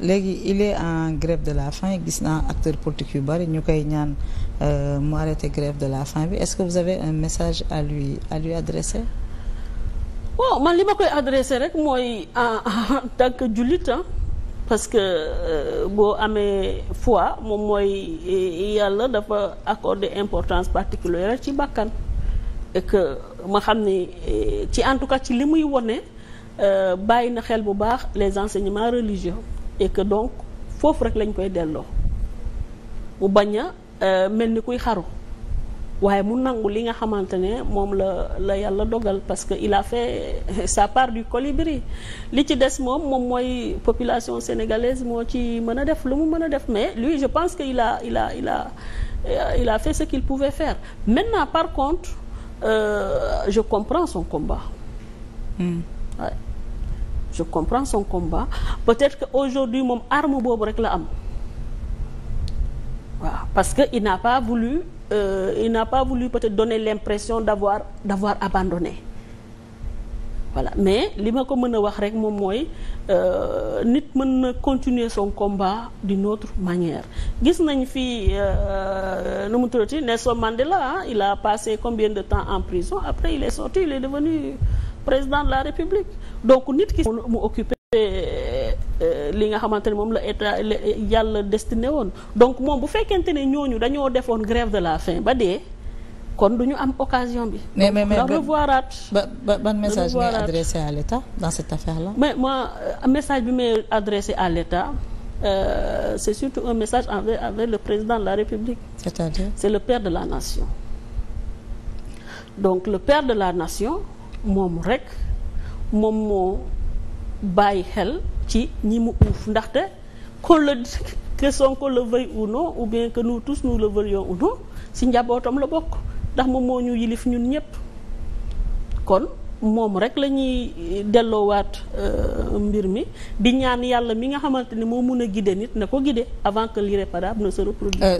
léegi il est en grève de la faim gis na acteurs politiques yu bari ñu koy ñaan euh, mu arrêter grève de la faim bi est-ce que vous avez un message à lui à lui adresser waaw man li ma koy adressé rek mooy en tant que jullit ah parce que euh, boo amee foi moom mooy yàlla dafa accorder importance particulière ci bàkkan et que ma xam ni ci en tout cas ci li muy wone euh, bàyyi na xel bu baax les enseignements religieux et que donc foofu rek lañ koy delloo mu bañ a euh, mel ni kuy xaru waaye mu nangu li nga xamante ne moom la la yàlla dogal parce que il a fait sa part du colibri li ci des moom moom mooy population sénégalaise moo ci mën a def lu mu mën a def mais lui je pense que il a il a il a euh, il a fait ce qu'il pouvait faire maintenant par contre euh, je comprends son combat. Hmm. je comprends son combat peut-être que aujourd'hui moom arme boobu rek la am waaw parce que il n'a pas voulu euh, il n'a pas voulu peut-être donner l'impression d'avoir d'avoir abandonné voilà mais li ma ko mën a wax rek moom mooy euh, nit mën na continuer son combat d'une autre manière gis nañ fii euh, nu mu tuddati Nelson Mandela il a passé combien de temps en prison après il est sorti il est devenu président de la république donc nit ki mu occupé euh, euh, li nga xamante ne moom la état yàlla destiné woon donc moom bu fekkente ni ñooñu dañoo defoon grève de la faim ba dee kon du ñu am occasion bi. mais mais mais revoiraat ba ban message ngay adressé à l'état dans cette affaire là. mais moi euh, message bi may adressé à l'état euh, c'est surtout un message envers envers le président de la république. c'est-à-dire c'est le père de la nation donc le père de la nation. moom rek moom moo bàyyi xel ci ñi mu uuf ndaxte qu'on le que Sonko le veuille ou non ou bien que nu tous nous le veuillions ou non si njabootam la bokk ndax moom moo ñu yilif ñun ñëpp kon moom rek la ñuy delloowaat euh, mbir mi di ñaan yàlla mi nga xamante ni moo mun a guider nit na ko guider avant que l'irréparable na se reproduise euh,